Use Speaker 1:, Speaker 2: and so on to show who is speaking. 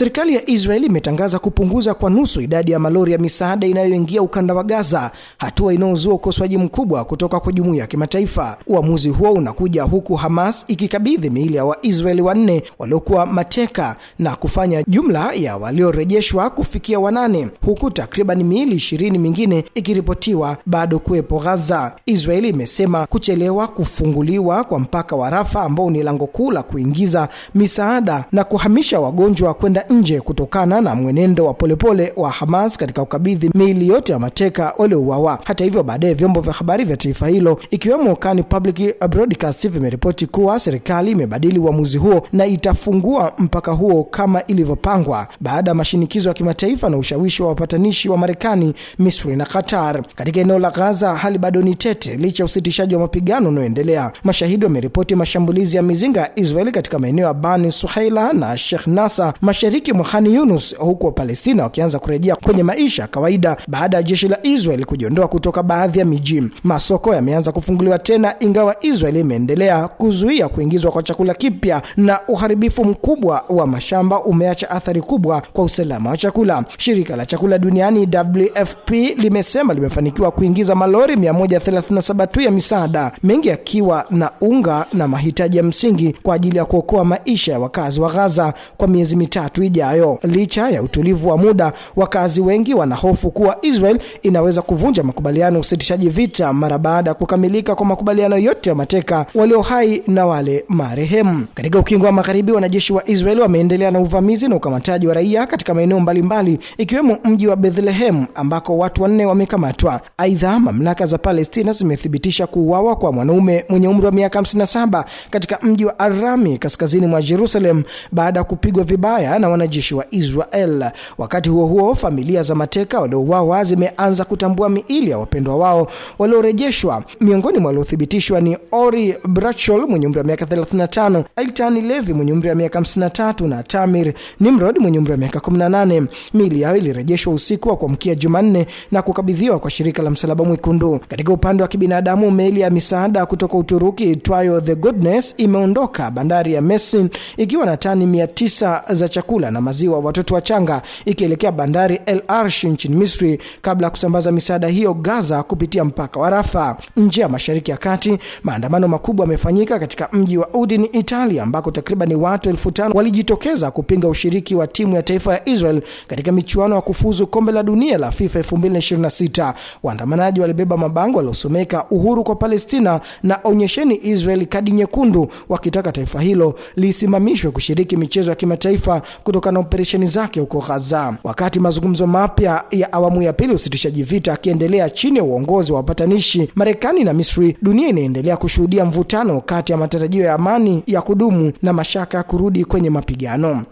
Speaker 1: Serikali ya Israeli imetangaza kupunguza kwa nusu idadi ya malori ya misaada inayoingia ukanda wa Gaza, hatua inayozua ukosoaji mkubwa kutoka kwa jumuiya ya kimataifa. Uamuzi huo unakuja huku Hamas ikikabidhi miili ya Waisraeli wanne waliokuwa mateka na kufanya jumla ya waliorejeshwa kufikia wanane, huku takriban miili ishirini mingine ikiripotiwa bado kuwepo Gaza. Israeli imesema kuchelewa kufunguliwa kwa mpaka wa Rafa ambao ni lango kuu la kuingiza misaada na kuhamisha wagonjwa kwenda nje kutokana na mwenendo wa polepole wa Hamas katika ukabidhi miili yote ya mateka waliouawa. Hata hivyo, baadaye vyombo vya habari vya taifa hilo ikiwemo Khan Public Broadcast vimeripoti kuwa serikali imebadili uamuzi huo na itafungua mpaka huo kama ilivyopangwa baada ya mashinikizo ya kimataifa na ushawishi wa wapatanishi wa Marekani, Misri na Qatar. Katika eneo la Gaza hali bado ni tete licha ya usitishaji wa mapigano unaoendelea. Mashahidi wameripoti mashambulizi ya mizinga ya Israeli katika maeneo ya Bani Suhaila na Sheikh Nasa mashariki mashariki mwa Khan Yunus, huku Wapalestina wakianza kurejea kwenye maisha ya kawaida baada ya jeshi la Israel kujiondoa kutoka baadhi ya miji. Masoko yameanza kufunguliwa tena, ingawa Israel imeendelea kuzuia kuingizwa kwa chakula kipya, na uharibifu mkubwa wa mashamba umeacha athari kubwa kwa usalama wa chakula. Shirika la chakula duniani WFP limesema limefanikiwa kuingiza malori 137 tu ya misaada, mengi yakiwa na unga na mahitaji ya msingi kwa ajili ya kuokoa maisha ya wakazi wa Gaza kwa miezi mitatu Jumatatu ijayo. Licha ya utulivu wa muda, wakazi wengi wanahofu kuwa Israel inaweza kuvunja makubaliano ya usitishaji vita mara baada ya kukamilika kwa makubaliano yote ya mateka walio hai na wale marehemu. Katika ukingo wa magharibi, wanajeshi wa Israel wameendelea na uvamizi na ukamataji wa raia katika maeneo mbalimbali ikiwemo mji wa Bethlehem ambako watu wanne wamekamatwa. Aidha, mamlaka za Palestina zimethibitisha kuuawa kwa mwanaume mwenye umri wa miaka 57 katika mji wa Arami kaskazini mwa Jerusalem baada ya kupigwa vibaya na wanajeshi wa Israel. Wakati huo huo, familia za mateka waliouawa zimeanza kutambua miili ya wapendwa wao waliorejeshwa. Miongoni mwa waliothibitishwa ni Ori Brachol mwenye umri wa miaka 35, Eltani Levi mwenye umri wa miaka 53 na Tamir Nimrod mwenye umri wa miaka 18. Miili yao ilirejeshwa usiku wa kuamkia Jumanne na kukabidhiwa kwa shirika la Msalaba Mwekundu. Katika upande wa kibinadamu, meli ya misaada kutoka Uturuki itwayo The Goodness imeondoka bandari ya Mersin ikiwa na tani 900 za chakula chakula na maziwa watoto wachanga ikielekea bandari El Arsh nchini Misri kabla ya kusambaza misaada hiyo Gaza kupitia mpaka wa Rafa. Nje ya Mashariki ya Kati, maandamano makubwa yamefanyika katika mji wa Udine, Italia, ambako takriban watu elfu tano walijitokeza kupinga ushiriki wa timu ya taifa ya Israel katika michuano ya kufuzu kombe la dunia la FIFA 2026. Waandamanaji walibeba mabango yaliyosomeka uhuru kwa Palestina na onyesheni Israel kadi nyekundu, wakitaka taifa hilo lisimamishwe kushiriki michezo ya kimataifa kutokana na operesheni zake huko Gaza. Wakati mazungumzo mapya ya awamu ya pili usitishaji vita akiendelea chini ya uongozi wa wapatanishi Marekani na Misri, dunia inaendelea kushuhudia mvutano kati ya matarajio ya amani ya kudumu na mashaka ya kurudi kwenye mapigano.